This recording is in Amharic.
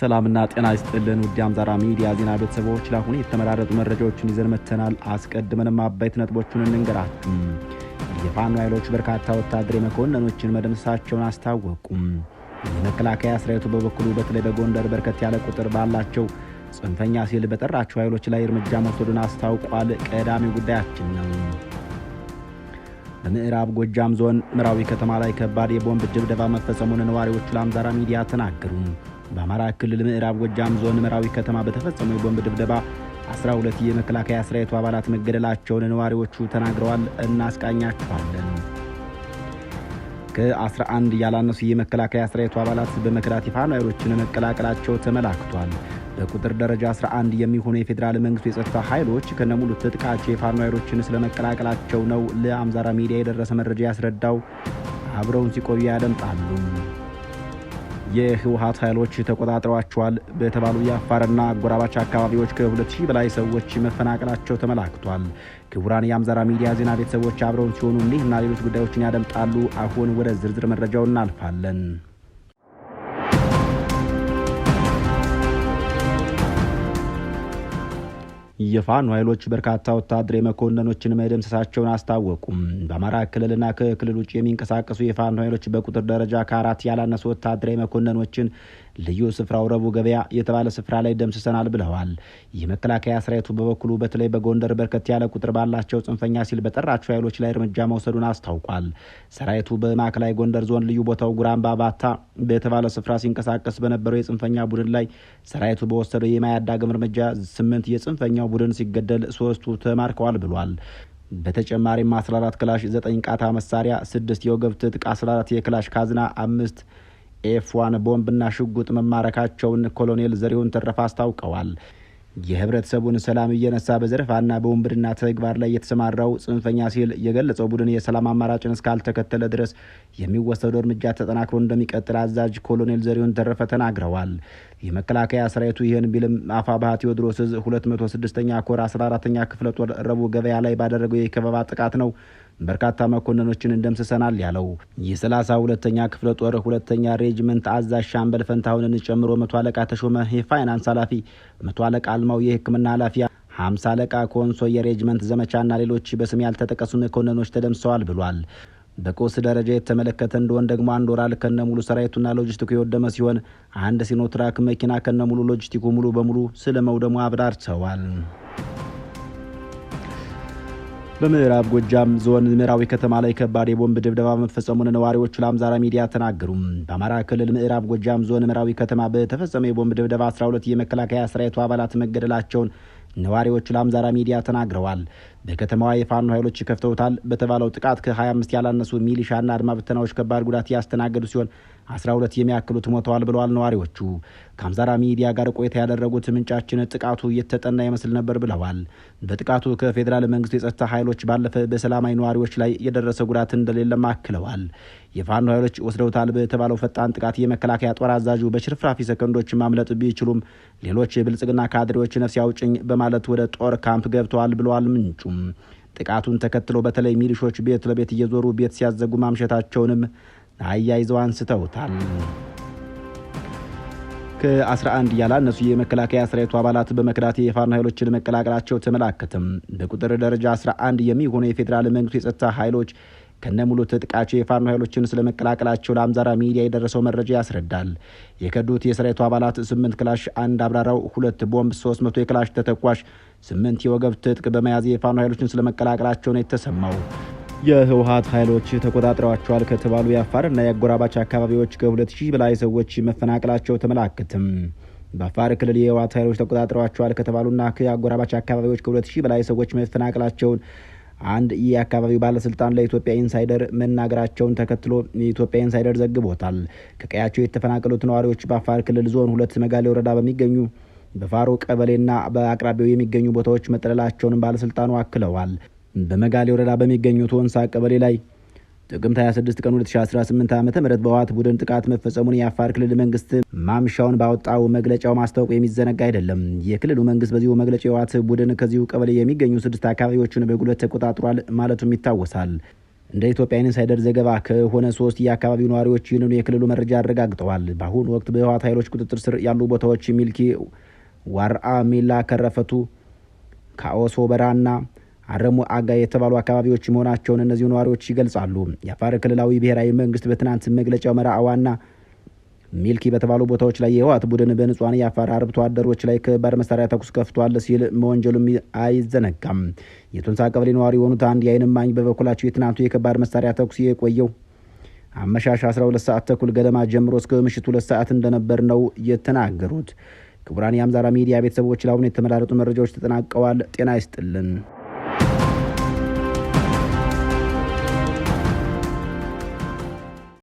ሰላምና ጤና ይስጥልን ውድ አምዛራ ሚዲያ ዜና ቤተሰቦች፣ ለአሁኑ የተመራረጡ መረጃዎችን ይዘን መተናል። አስቀድመንም አበይት ነጥቦቹን እንንገራችሁ። የፋኖ ኃይሎች በርካታ ወታደራዊ መኮንኖችን መደምሰሳቸውን አስታወቁም። የመከላከያ ሰራዊቱ በበኩሉ በተለይ በጎንደር በርከት ያለ ቁጥር ባላቸው ጽንፈኛ ሲል በጠራቸው ኃይሎች ላይ እርምጃ መውሰዱን አስታውቋል። ቀዳሚ ጉዳያችን ነው። በምዕራብ ጎጃም ዞን ምራዊ ከተማ ላይ ከባድ የቦምብ ድብደባ መፈጸሙን ነዋሪዎቹ ለአምዛራ ሚዲያ ተናገሩ። በአማራ ክልል ምዕራብ ጎጃም ዞን መራዊ ከተማ በተፈጸመው የቦምብ ድብደባ 12 የመከላከያ ሰራዊቱ አባላት መገደላቸውን ነዋሪዎቹ ተናግረዋል። እናስቃኛችኋለን። ከ11 ያላነሱ የመከላከያ ሰራዊቱ አባላት በመክዳት የፋኖ ኃይሎችን መቀላቀላቸው ተመላክቷል። በቁጥር ደረጃ 11 የሚሆኑ የፌዴራል መንግስቱ የጸጥታ ኃይሎች ከነሙሉ ትጥቃቸው የፋኖ ኃይሎችን ስለመቀላቀላቸው ነው ለአምዛራ ሚዲያ የደረሰ መረጃ ያስረዳው። አብረውን ሲቆዩ ያደምጣሉ። የህወሀት ኃይሎች ተቆጣጥረዋቸዋል በተባሉ የአፋርና አጎራባች አካባቢዎች ከ200 በላይ ሰዎች መፈናቀላቸው ተመላክቷል። ክቡራን የአምዛራ ሚዲያ ዜና ቤተሰቦች አብረውን ሲሆኑ እኒህና ሌሎች ጉዳዮችን ያደምጣሉ። አሁን ወደ ዝርዝር መረጃው እናልፋለን። የፋኖ ኃይሎች በርካታ ወታደራዊ መኮንኖችን መደምሰሳቸውን አስታወቁም። በአማራ ክልልና ከክልል ውጭ የሚንቀሳቀሱ የፋኖ ኃይሎች በቁጥር ደረጃ ከአራት ያላነሱ ወታደራዊ መኮንኖችን ልዩ ስፍራው ረቡ ገበያ የተባለ ስፍራ ላይ ደምስሰናል ብለዋል። የመከላከያ ሰራዊቱ በበኩሉ በተለይ በጎንደር በርከት ያለ ቁጥር ባላቸው ጽንፈኛ ሲል በጠራቸው ኃይሎች ላይ እርምጃ መውሰዱን አስታውቋል። ሰራዊቱ በማዕከላዊ ጎንደር ዞን ልዩ ቦታው ጉራምባ ባታ በተባለ ስፍራ ሲንቀሳቀስ በነበረው የጽንፈኛ ቡድን ላይ ሰራዊቱ በወሰደው የማያዳግም እርምጃ ስምንት የጽንፈኛው ቡድን ሲገደል ሶስቱ ተማርከዋል ብሏል። በተጨማሪም 14 ክላሽ 9 ቃታ መሳሪያ 6 የወገብ ትጥቅ 14 የክላሽ ካዝና አምስት ኤፍዋን ቦምብና ሽጉጥ መማረካቸውን ኮሎኔል ዘሪሁን ተረፈ አስታውቀዋል። የህብረተሰቡን ሰላም እየነሳ በዘረፋና በውንብድና ተግባር ላይ የተሰማራው ጽንፈኛ ሲል የገለጸው ቡድን የሰላም አማራጭን እስካልተከተለ ድረስ የሚወሰደው እርምጃ ተጠናክሮ እንደሚቀጥል አዛዥ ኮሎኔል ዘሪሁን ተረፈ ተናግረዋል። የመከላከያ ሰራዊቱ ይህን ቢልም አፋብኃ ቴዎድሮስ ዕዝ 206ኛ ኮር 14ኛ ክፍለ ጦር ረቡዕ ገበያ ላይ ባደረገው የከበባ ጥቃት ነው በርካታ መኮንኖችን እንደምስሰናል ያለው ይህ ሰላሳ ሁለተኛ ክፍለ ጦር ሁለተኛ ሬጅመንት አዛዥ ሻምበል ፈንታሁንን ጨምሮ መቶ አለቃ ተሾመ የፋይናንስ ኃላፊ፣ መቶ አለቃ አልማው የሕክምና ኃላፊ ሀምሳ አለቃ ኮንሶ የሬጅመንት ዘመቻና ሌሎች በስም ያልተጠቀሱ መኮንኖች ተደምሰዋል ብሏል። በቁስ ደረጃ የተመለከተ እንደሆን ደግሞ አንድ ወራል ከነ ሙሉ ሰራዊቱና ሎጂስቲኩ የወደመ ሲሆን አንድ ሲኖትራክ መኪና ከነ ሙሉ ሎጂስቲኩ ሙሉ በሙሉ ስለ መውደሙ አብራርተዋል። በምዕራብ ጎጃም ዞን ምዕራዊ ከተማ ላይ ከባድ የቦምብ ድብደባ መፈጸሙን ነዋሪዎቹ ለአምዛራ ሚዲያ ተናገሩ። በአማራ ክልል ምዕራብ ጎጃም ዞን ምዕራዊ ከተማ በተፈጸመ የቦምብ ድብደባ 12 የመከላከያ ሰራዊቱ አባላት መገደላቸውን ነዋሪዎቹ ለአምዛራ ሚዲያ ተናግረዋል። በከተማዋ የፋኖ ኃይሎች ይከፍተውታል በተባለው ጥቃት ከ25 ያላነሱ ሚሊሻና አድማ ብተናዎች ከባድ ጉዳት ያስተናገዱ ሲሆን 12 የሚያክሉት ሞተዋል ብለዋል ነዋሪዎቹ። ከአምዛራ ሚዲያ ጋር ቆይታ ያደረጉት ምንጫችን ጥቃቱ እየተጠና ይመስል ነበር ብለዋል። በጥቃቱ ከፌዴራል መንግስቱ የጸጥታ ኃይሎች ባለፈ በሰላማዊ ነዋሪዎች ላይ የደረሰ ጉዳት እንደሌለም አክለዋል። የፋኖ ኃይሎች ወስደውታል በተባለው ፈጣን ጥቃት የመከላከያ ጦር አዛዡ በሽርፍራፊ ሰከንዶች ማምለጥ ቢችሉም ሌሎች የብልጽግና ካድሬዎች ነፍስ ያውጭኝ በማለት ወደ ጦር ካምፕ ገብተዋል ብለዋል ምንጩም። ጥቃቱን ተከትሎ በተለይ ሚሊሾች ቤት ለቤት እየዞሩ ቤት ሲያዘጉ ማምሸታቸውንም አያይዘው አንስተውታል። ከ11 ያላነሱ የመከላከያ ሰራዊቱ አባላት በመክዳት የፋኖ ኃይሎችን መቀላቀላቸው ተመላከተም። በቁጥር ደረጃ 11 የሚሆኑ የፌዴራል መንግስቱ የጸጥታ ኃይሎች ከነ ሙሉ ትጥቃቸው የፋኖ ኃይሎችን ስለመቀላቀላቸው ለአምዛራ ሚዲያ የደረሰው መረጃ ያስረዳል። የከዱት የሰራዊቱ አባላት ስምንት ክላሽ፣ አንድ አብራራው፣ ሁለት ቦምብ፣ ሶስት መቶ የክላሽ ተተኳሽ፣ ስምንት የወገብ ትጥቅ በመያዝ የፋኖ ኃይሎችን ስለመቀላቀላቸው ነው የተሰማው። የህወሀት ኃይሎች ተቆጣጥረዋቸዋል ከተባሉ የአፋርና የአጎራባች አካባቢዎች ከ ሺህ በላይ ሰዎች መፈናቀላቸው ተመላክትም። በአፋር ክልል የህወሀት ኃይሎች ተቆጣጥረዋቸዋል ከተባሉና ከአጎራባች አካባቢዎች ከ ሺህ በላይ ሰዎች መፈናቀላቸውን አንድ የአካባቢው ባለስልጣን ለኢትዮጵያ ኢንሳይደር መናገራቸውን ተከትሎ የኢትዮጵያ ኢንሳይደር ዘግቦታል። ከቀያቸው የተፈናቀሉት ነዋሪዎች በአፋር ክልል ዞን ሁለት መጋሌ ወረዳ በሚገኙ በፋሮ ቀበሌና በአቅራቢያው የሚገኙ ቦታዎች መጠለላቸውን ባለስልጣኑ አክለዋል። በመጋሌ ወረዳ በሚገኙት ወንሳ ቀበሌ ላይ ጥቅምት 26 ቀን 2018 ዓ ም በህወሓት ቡድን ጥቃት መፈጸሙን የአፋር ክልል መንግስት ማምሻውን ባወጣው መግለጫው ማስታወቁ የሚዘነጋ አይደለም። የክልሉ መንግስት በዚሁ መግለጫ የህወሓት ቡድን ከዚሁ ቀበሌ የሚገኙ ስድስት አካባቢዎችን በጉልበት ተቆጣጥሯል ማለቱም ይታወሳል። እንደ ኢትዮጵያ ኢንሳይደር ዘገባ ከሆነ ሶስት የአካባቢው ነዋሪዎች ይህንኑ የክልሉ መረጃ አረጋግጠዋል። በአሁኑ ወቅት በህወሓት ኃይሎች ቁጥጥር ስር ያሉ ቦታዎች ሚልኪ፣ ዋርአ፣ ሚላ፣ ከረፈቱ፣ ካኦሶ በራና አረሙ አጋ የተባሉ አካባቢዎች መሆናቸውን እነዚሁ ነዋሪዎች ይገልጻሉ። የአፋር ክልላዊ ብሔራዊ መንግስት በትናንት መግለጫው መራአዋና ሚልኪ በተባሉ ቦታዎች ላይ የህወሓት ቡድን በንጹሐን የአፋር አርብቶ አደሮች ላይ ከባድ መሳሪያ ተኩስ ከፍቷል ሲል መወንጀሉም አይዘነጋም። የቱንሳ ቀበሌ ነዋሪ የሆኑት አንድ የአይን እማኝ በበኩላቸው የትናንቱ የከባድ መሳሪያ ተኩስ የቆየው አመሻሽ 12 ሰዓት ተኩል ገደማ ጀምሮ እስከ ምሽት ሁለት ሰዓት እንደነበር ነው የተናገሩት። ክቡራን የአምዛራ ሚዲያ ቤተሰቦች ለአሁኑ የተመላለጡ መረጃዎች ተጠናቀዋል። ጤና ይስጥልን።